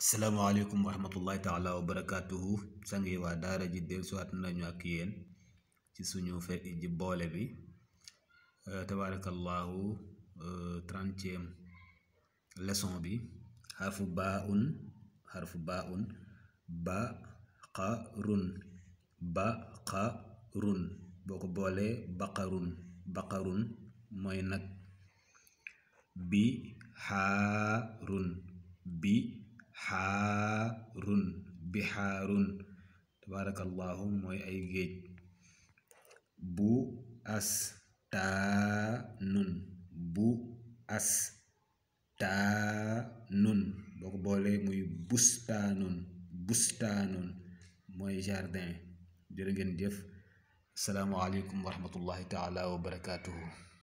asalaamaaleykum wa rahmatullahi taala wa barakaatuhu sangi waa daara ji dellusiwaat nañu ak yéen ci suñu fe ji boole bi euh, tabarakallahu euh, trentième leçon bi xarfu baa un xarfu baa un ba qarun ba qarun boo ko boolee baqarun baqarun mooy nag bi xaarun bi xaarun bixaarun tabaarakallaahu mooy ay géej bu as taanun bu as taanun boo ko boolee muy bustaanun bustaanun mooy jardin jërë ngeen jëf salaamualeykum wa rahmatullahi taala wa barakaatuhu